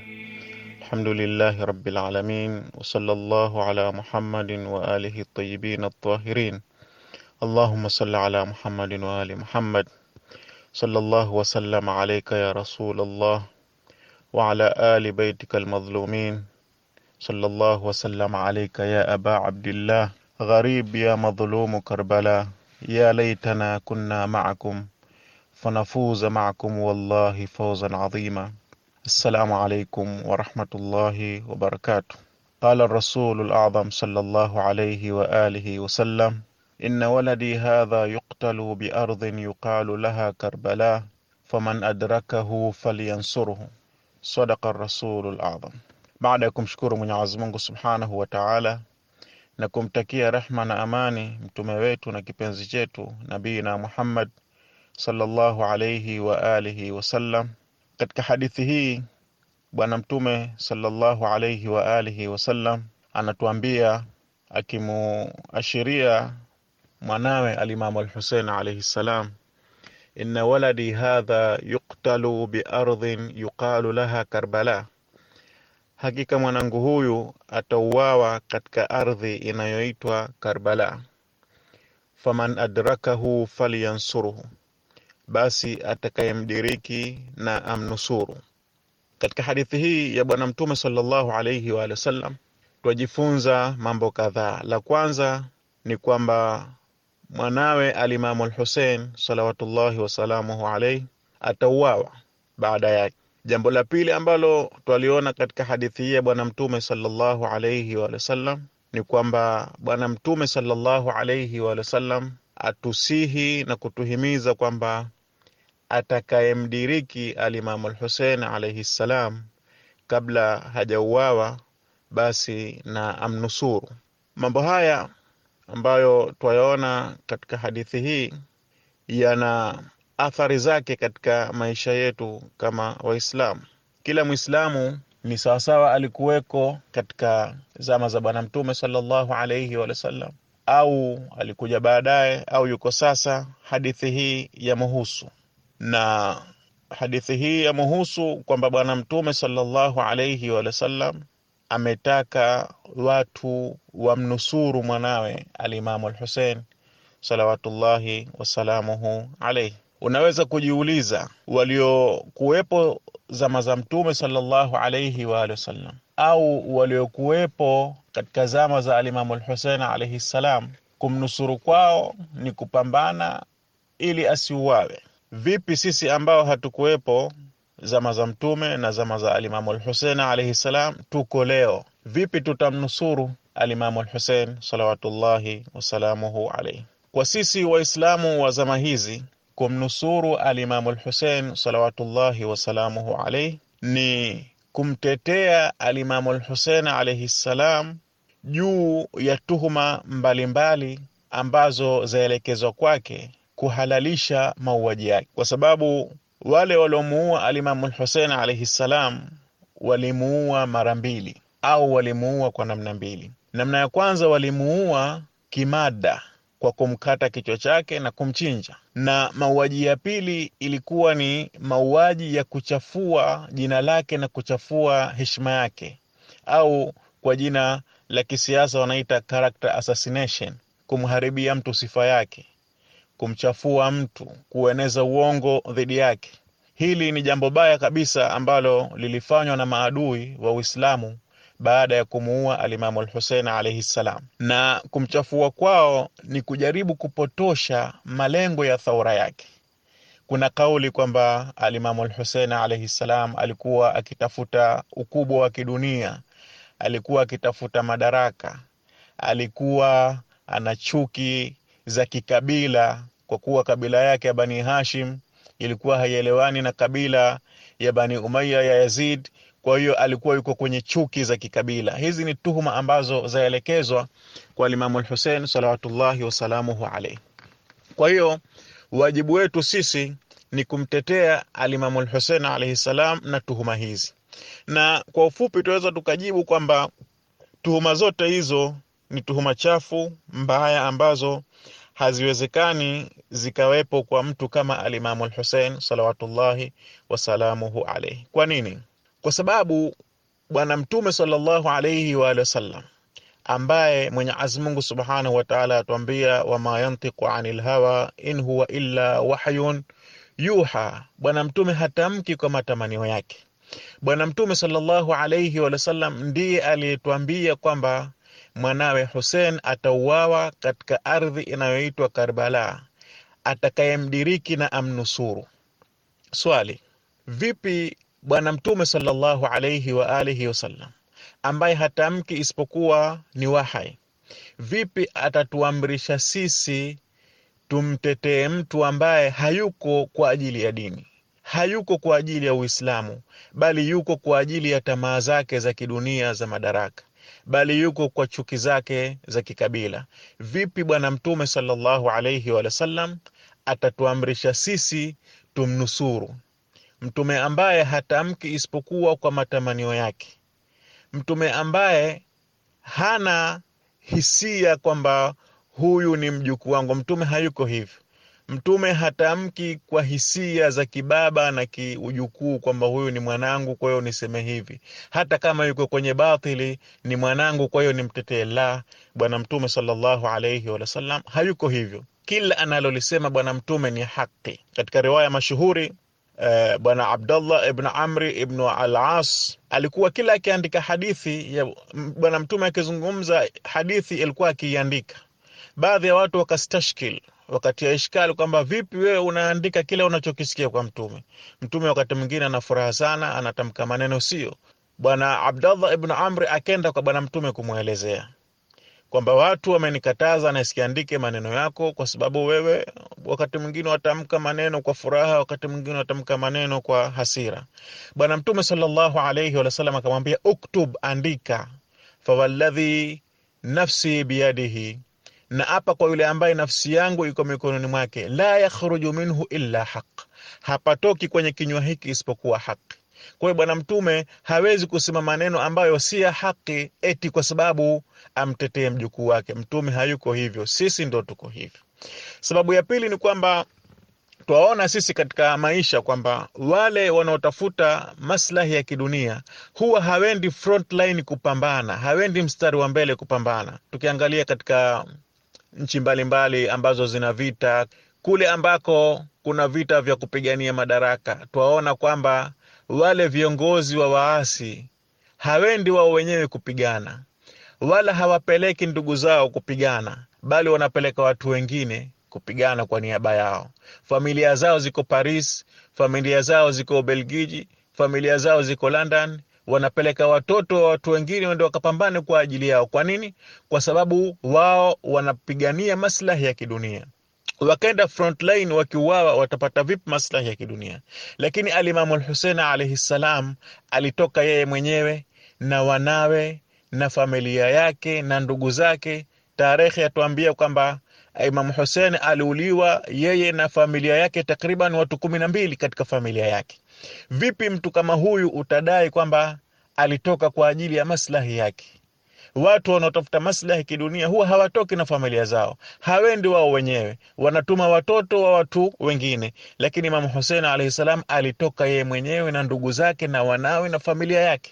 الحمد لله رب العالمين وصلى الله على محمد وآله الطيبين الطاهرين اللهم صل على محمد وآل محمد صلى الله وسلم عليك يا رسول الله وعلى آل بيتك المظلومين صلى الله وسلم عليك يا أبا عبد الله غريب يا مظلوم كربلاء يا ليتنا كنا معكم فنفوز معكم والله فوزا عظيما السلام عليكم ورحمة الله وبركاته قال الرسول الأعظم صلى الله عليه وآله وسلم إن ولدي هذا يقتل بأرض يقال لها كربلاء فمن أدركه فلينصره صدق الرسول الأعظم بعد ya kumshukuru mwenyezi سبحانه وتعالى wa taala na kumtakia rehma na amani mtume wetu na kipenzi chetu nabii na muhammad sallallahu alayhi wa alihi wasallam. Katika hadithi hii Bwana Mtume sallallahu alayhi wa alihi wasallam anatuambia akimuashiria mwanawe alimamu Alhusein alayhi salam, inna waladi hadha yuktalu biardhin yuqalu laha Karbala, hakika mwanangu huyu atauawa katika ardhi inayoitwa Karbala, faman adrakahu falyansuruhu basi atakayemdiriki na amnusuru. Katika hadithi hii ya Bwana Mtume sallallahu alaihi wa sallam twajifunza mambo kadhaa. La kwanza ni kwamba mwanawe Alimamu Lhusein salawatullahi wasalamuhu alayhi atauawa baada yake. Jambo la pili ambalo twaliona katika hadithi hii ya Bwana Mtume sallallahu alaihi wa sallam ni kwamba Bwana Mtume sallallahu alaihi wa sallam atusihi na kutuhimiza kwamba atakayemdiriki alimamu Hussein alayhi ssalam kabla hajauawa basi na amnusuru. Mambo haya ambayo twayaona katika hadithi hii yana athari zake katika maisha yetu kama Waislamu. Kila Mwislamu ni sawasawa alikuweko katika zama za Bwana Mtume sallallahu wa sallam, au alikuja baadaye au yuko sasa, hadithi hii yamuhusu na hadithi hii yamuhusu kwamba Bwana Mtume sallallahu alaihi sallam ametaka watu wamnusuru mwanawe Alimamu Alhusein salawatullahi wasalamuhu alaihi. Unaweza kujiuliza waliokuwepo zama za Mtume sallallahu alaihi waalihi wasallam au waliokuwepo katika zama za Alimamu Alhusein alaihi ssalam, kumnusuru kwao ni kupambana ili asiuawe Vipi sisi ambao hatukuwepo zama za Mtume na zama za Alimamu Alhusein alaihi ssalam, tuko leo, vipi tutamnusuru Alimamu Alhusein salawatullahi wasalamuhu alaihi? Kwa sisi Waislamu wa zama hizi kumnusuru Alimamu lhusein salawatullahi wasalamuhu alaihi ni kumtetea Alimamu lhusein alaihi ssalam juu ya tuhuma mbalimbali ambazo zaelekezwa kwake kuhalalisha mauaji yake, kwa sababu wale waliomuua alimamu Hussein alaihi ssalam walimuua mara mbili au walimuua kwa namna mbili. Namna ya kwanza walimuua kimada kwa kumkata kichwa chake na kumchinja, na mauaji ya pili ilikuwa ni mauaji ya kuchafua jina lake na kuchafua heshima yake, au kwa jina la kisiasa wanaita character assassination, kumharibia mtu sifa yake kumchafua mtu, kueneza uongo dhidi yake. Hili ni jambo baya kabisa ambalo lilifanywa na maadui wa Uislamu baada ya kumuua alimamu Alhusein alaihi ssalam, na kumchafua kwao ni kujaribu kupotosha malengo ya thaura yake. Kuna kauli kwamba alimamu Alhusein alaihi ssalam alikuwa akitafuta ukubwa wa kidunia, alikuwa akitafuta madaraka, alikuwa ana chuki za kikabila, kwa kuwa kabila yake ya Bani Hashim ilikuwa haielewani na kabila ya Bani Umayya ya Yazid. Kwa hiyo alikuwa yuko kwenye chuki za kikabila. Hizi ni tuhuma ambazo zaelekezwa kwa Imamu Hussein salawatullahi wasalamuhu alayhi. Kwa hiyo wajibu wetu sisi ni kumtetea Alimamu Hussein alayhi salam na tuhuma hizi, na kwa ufupi tunaweza tukajibu kwamba tuhuma zote hizo ni tuhuma chafu mbaya ambazo haziwezekani zikawepo kwa mtu kama alimamu Alhusein salawatullahi wasalamuhu alayhi Kwa nini? Kwa sababu Bwana Mtume sallallahu alayhi wa sallam ambaye mwenye Mungu subhanahu wa taala atuambia, ma yantiqu anil hawa in huwa illa wahyun yuha. Bwana Mtume hatamki kwa matamanio yake. Bwana Mtume sallallahu alayhi wa sallam ndiye aliyetuambia kwamba mwanawe Hussein atauawa katika ardhi inayoitwa Karbala, atakayemdiriki na amnusuru. Swali, vipi Bwana Mtume sallallahu alayhi wa alihi wasallam ambaye hatamki isipokuwa ni wahai, vipi atatuamrisha sisi tumtetee mtu ambaye hayuko kwa ajili ya dini, hayuko kwa ajili ya Uislamu, bali yuko kwa ajili ya tamaa zake za kidunia za madaraka? bali yuko kwa chuki zake za kikabila. Vipi Bwana Mtume sallallahu wa sallam atatuamrisha sisi tumnusuru mtume ambaye hatamki isipokuwa kwa matamanio yake, mtume ambaye hana hisia kwamba huyu ni mjukuu wangu, mtume hayuko hivyo. Mtume hatamki kwa hisia za kibaba na kiujukuu kwamba huyu ni mwanangu, kwa hiyo niseme hivi, hata kama yuko kwenye batili, ni mwanangu, kwa hiyo nimtetee. La, Bwana Mtume sallallahu alayhi wa sallam hayuko hivyo. Kila analolisema Bwana Mtume ni haki. Katika riwaya mashuhuri Uh, Bwana Abdallah ibn Amri ibn al-As alikuwa kila akiandika hadithi ya Bwana Mtume akizungumza hadithi, ilikuwa akiiandika. Baadhi ya watu wakastashkil wakati ya ishkali kwamba vipi wewe unaandika kile unachokisikia kwa mtume. Mtume wakati mwingine ana furaha sana, anatamka maneno sio. Bwana Abdallah ibn Amri akenda kwa bwana mtume kumwelezea kwamba watu wamenikataza nasikiandike maneno yako, kwa sababu wewe wakati mwingine watamka maneno kwa furaha, wakati mwingine watamka maneno kwa hasira. Bwana Mtume sallallahu alaihi wasalam akamwambia, uktub, andika, fawalladhi nafsi biyadihi na apa kwa yule ambaye nafsi yangu iko mikononi mwake, la yakhruju minhu illa haq, hapatoki kwenye kinywa hiki isipokuwa haki. Kwa hiyo Bwana Mtume hawezi kusema maneno ambayo si ya haki eti kwa sababu amtetee mjukuu wake. Mtume hayuko hivyo, sisi ndo tuko hivyo. Sababu ya pili ni kwamba twaona sisi katika maisha kwamba wale wanaotafuta maslahi ya kidunia huwa hawendi frontline kupambana, hawendi mstari wa mbele kupambana. Tukiangalia katika nchi mbalimbali mbali ambazo zina vita, kule ambako kuna vita vya kupigania madaraka, twaona kwamba wale viongozi wa waasi hawendi wao wenyewe kupigana, wala hawapeleki ndugu zao kupigana, bali wanapeleka watu wengine kupigana kwa niaba yao. Familia zao ziko Paris, familia zao ziko Ubelgiji, familia zao ziko London, wanapeleka watoto wa watu wengine wende wakapambane kwa ajili yao. Kwa nini? Kwa sababu wao wanapigania maslahi ya kidunia. Wakaenda frontline wakiuawa, watapata vipi maslahi ya kidunia? Lakini Alimamu Lhusein alaihi ssalam alitoka yeye mwenyewe na wanawe na familia yake na ndugu zake. Tarehe yatuambia kwamba Imamu Husein aliuliwa yeye na familia yake, takriban watu kumi na mbili katika familia yake. Vipi mtu kama huyu utadai kwamba alitoka kwa ajili ya maslahi yake? Watu wanaotafuta maslahi kidunia huwa hawatoki na familia zao, hawendi wao wenyewe, wanatuma watoto wa watu wengine. Lakini Imamu Husein alaihi salam alitoka yeye mwenyewe na ndugu zake na wanawe na familia yake.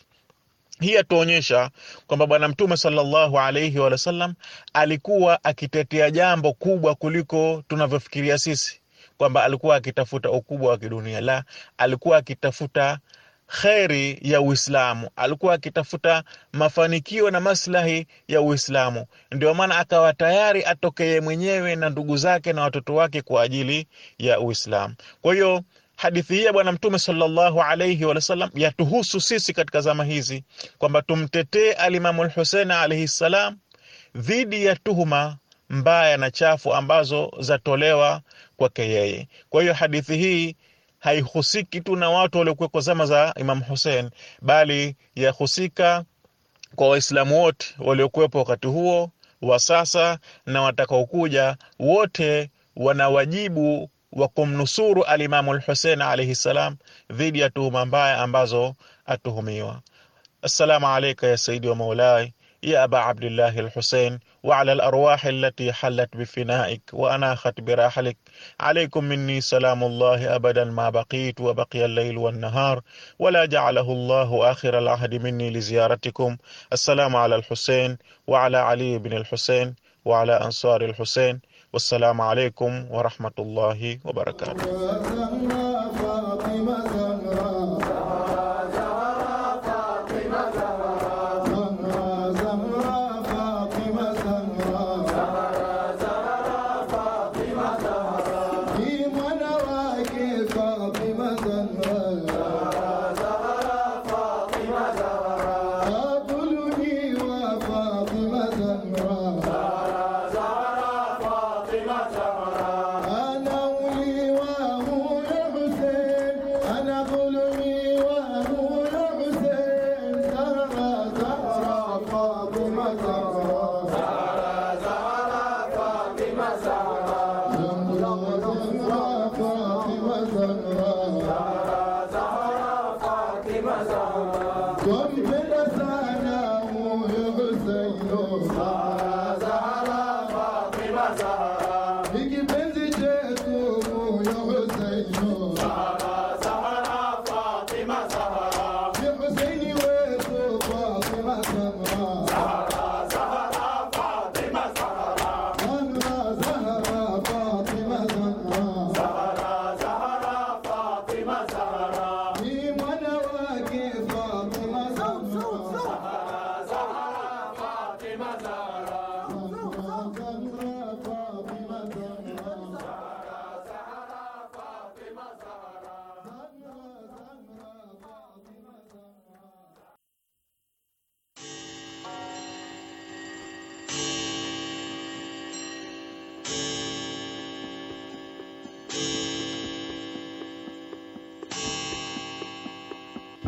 Hii yatuonyesha kwamba Bwana Mtume sallallahu alaihi sallam alikuwa akitetea jambo kubwa kuliko tunavyofikiria sisi kwamba alikuwa akitafuta ukubwa wa kidunia, la, alikuwa akitafuta kheri ya Uislamu, alikuwa akitafuta mafanikio na maslahi ya Uislamu. Ndio maana akawa tayari atokeye mwenyewe na ndugu zake na watoto wake kwa ajili ya Uislamu. Kwa hiyo hadithi hii ya Bwana Mtume sallallahu wa sallam yatuhusu sisi katika zama hizi, kwamba tumtetee Alimamu Lhusein alaihi ssalam dhidi ya tuhuma mbaya na chafu ambazo zatolewa kwake yeye. Kwa hiyo hadithi hii haihusiki tu na watu waliokuwekwa zama za Imam Hussein, bali yahusika kwa Waislamu wote waliokuwepo wakati huo wa sasa na watakaokuja, wote wana wajibu wa kumnusuru alimamu Lhusein alaihi ssalam dhidi ya tuhuma mbaya ambazo atuhumiwa. Assalamu alaika ya saidi wa maulai يا أبا عبد الله الحسين وعلى الأرواح التي حلت بفنائك وأناخت براحلك عليكم مني سلام الله أبدا ما بقيت وبقي الليل والنهار ولا جعله الله آخر العهد مني لزيارتكم السلام على الحسين وعلى علي بن الحسين وعلى أنصار الحسين والسلام عليكم ورحمة الله وبركاته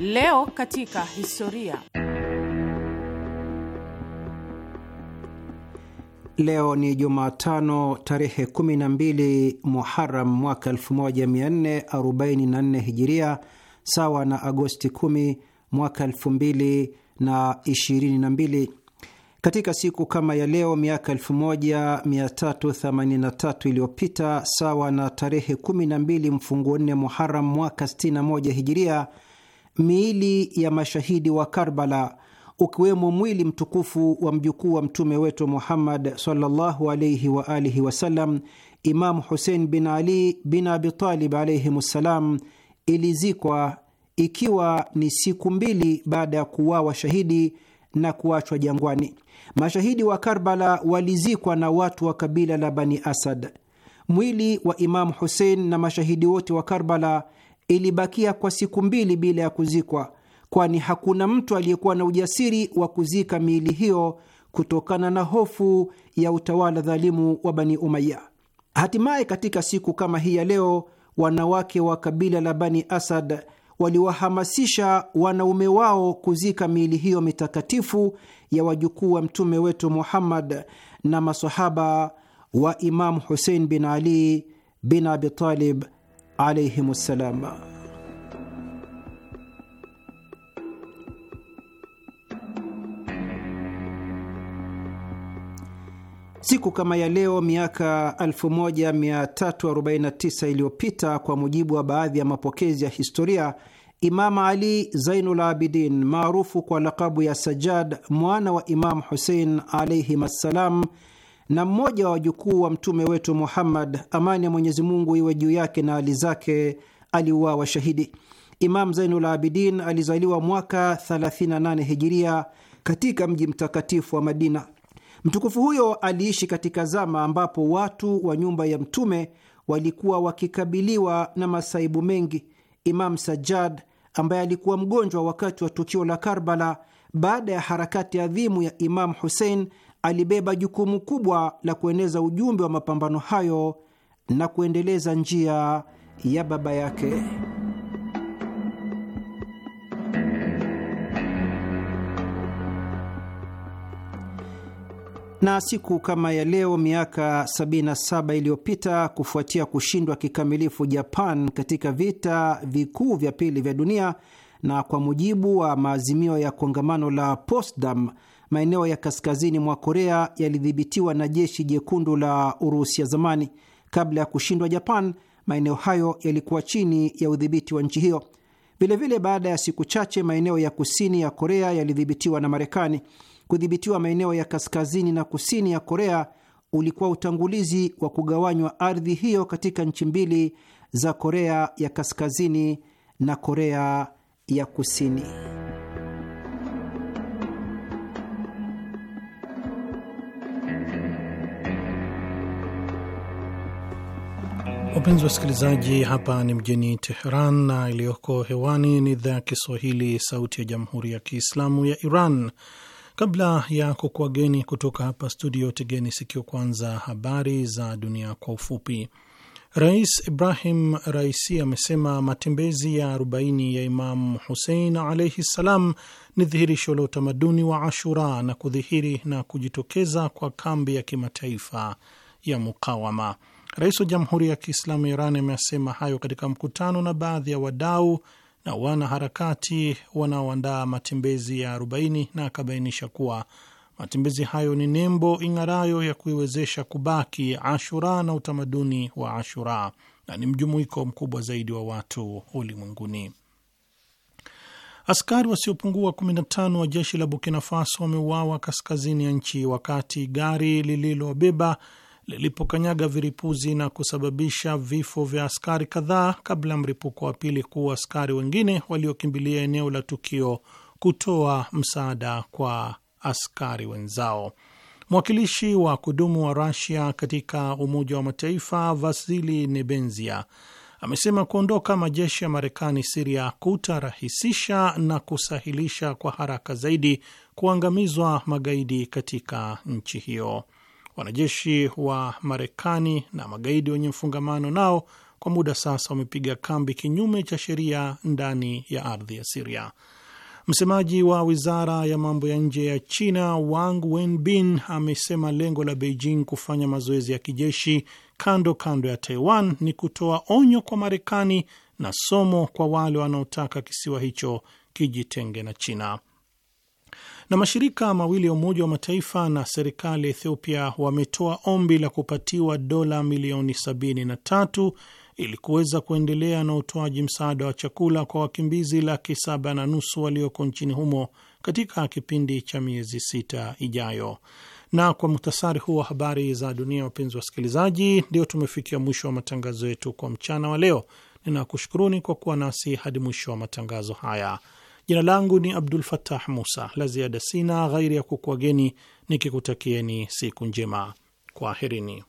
Leo katika historia. Leo ni Jumatano tarehe 12 Muharam mwaka 1444 Hijiria, sawa na Agosti 10 mwaka 2022. Katika siku kama ya leo miaka 1383 iliyopita, sawa na tarehe 12 mfunguo 4 Muharam mwaka 61 Hijiria, miili ya mashahidi wa Karbala, ukiwemo mwili mtukufu wa mjukuu wa mtume wetu Muhammad sallallahu alaihi wa alihi wasallam, Imamu Husein bin Ali bin Abitalib alaihim ssalam, ilizikwa ikiwa ni siku mbili baada ya kuwawa shahidi na kuachwa jangwani. Mashahidi wa Karbala walizikwa na watu wa kabila la Bani Asad. Mwili wa Imamu Husein na mashahidi wote wa Karbala ilibakia kwa siku mbili bila ya kuzikwa, kwani hakuna mtu aliyekuwa na ujasiri wa kuzika miili hiyo kutokana na hofu ya utawala dhalimu wa Bani Umaya. Hatimaye katika siku kama hii ya leo, wanawake wa kabila la Bani Asad waliwahamasisha wanaume wao kuzika miili hiyo mitakatifu ya wajukuu wa mtume wetu Muhammad na masahaba wa Imamu Husein bin Ali bin Abi Talib alaihim ssalam. Siku kama ya leo miaka 1349 iliyopita, kwa mujibu wa baadhi ya mapokezi ya historia, Imam Ali Zainul Abidin maarufu kwa lakabu ya sajad mwana wa Imam Husein alaihim assalam na mmoja wa wajukuu wa mtume wetu Muhammad, amani ya Mwenyezi Mungu iwe juu yake na ali zake, aliuawa shahidi. Imam Zainul Abidin alizaliwa mwaka 38 hijiria katika mji mtakatifu wa Madina. Mtukufu huyo aliishi katika zama ambapo watu wa nyumba ya mtume walikuwa wakikabiliwa na masaibu mengi. Imam Sajjad ambaye alikuwa mgonjwa wakati wa tukio la Karbala, baada ya harakati adhimu ya Imam Hussein alibeba jukumu kubwa la kueneza ujumbe wa mapambano hayo na kuendeleza njia ya baba yake. na siku kama ya leo miaka 77 iliyopita, kufuatia kushindwa kikamilifu Japan katika vita vikuu vya pili vya dunia, na kwa mujibu wa maazimio ya kongamano la Potsdam maeneo ya kaskazini mwa Korea yalidhibitiwa na jeshi jekundu la Urusi ya zamani. Kabla ya kushindwa Japan, maeneo hayo yalikuwa chini ya udhibiti wa nchi hiyo. Vilevile, baada ya siku chache, maeneo ya kusini ya Korea yalidhibitiwa na Marekani. Kudhibitiwa maeneo ya kaskazini na kusini ya Korea ulikuwa utangulizi wa kugawanywa ardhi hiyo katika nchi mbili za Korea ya kaskazini na Korea ya kusini. Wapenzi wasikilizaji, hapa ni mjini Teheran na iliyoko hewani ni idhaa ya Kiswahili, Sauti ya Jamhuri ya Kiislamu ya Iran. Kabla ya kukuageni kutoka hapa studio, tegeni sikio kwanza habari za dunia kwa ufupi. Rais Ibrahim Raisi amesema matembezi ya 40 ya Imamu Husein alaihi ssalam ni dhihirisho la utamaduni wa Ashura na kudhihiri na kujitokeza kwa kambi ya kimataifa ya mukawama. Rais wa Jamhuri ya Kiislamu Iran amesema hayo katika mkutano na baadhi ya wadau na wanaharakati wanaoandaa matembezi ya 40 na akabainisha kuwa matembezi hayo ni nembo ing'arayo ya kuiwezesha kubaki Ashura na utamaduni wa Ashura na ni mjumuiko mkubwa zaidi wa watu ulimwenguni. Askari wasiopungua 15 wa jeshi la Burkina Faso wameuawa kaskazini ya nchi wakati gari lililobeba lilipokanyaga viripuzi na kusababisha vifo vya askari kadhaa kabla mripuko wa pili kuwa askari wengine waliokimbilia eneo la tukio kutoa msaada kwa askari wenzao. Mwakilishi wa kudumu wa Rasia katika Umoja wa Mataifa Vasili Nebenzia amesema kuondoka majeshi ya Marekani Siria kutarahisisha na kusahilisha kwa haraka zaidi kuangamizwa magaidi katika nchi hiyo. Wanajeshi wa Marekani na magaidi wenye mfungamano nao kwa muda sasa wamepiga kambi kinyume cha sheria ndani ya ardhi ya Siria. Msemaji wa wizara ya mambo ya nje ya China Wang Wenbin amesema lengo la Beijing kufanya mazoezi ya kijeshi kando kando ya Taiwan ni kutoa onyo kwa Marekani na somo kwa wale wanaotaka kisiwa hicho kijitenge na China. Na mashirika mawili ya Umoja wa Mataifa na serikali ya Ethiopia wametoa ombi la kupatiwa dola milioni 73 ili kuweza kuendelea na utoaji msaada wa chakula kwa wakimbizi laki saba na nusu walioko nchini humo katika kipindi cha miezi sita ijayo. Na kwa muhtasari huu wa habari za dunia, wapenzi wasikilizaji, ndio tumefikia mwisho wa matangazo yetu kwa mchana wa leo. Ninakushukuruni kwa kuwa nasi hadi mwisho wa matangazo haya. Jina langu ni Abdul Fattah Musa. La ziada sina ghairi ya kukuageni nikikutakieni siku njema. Kwaherini.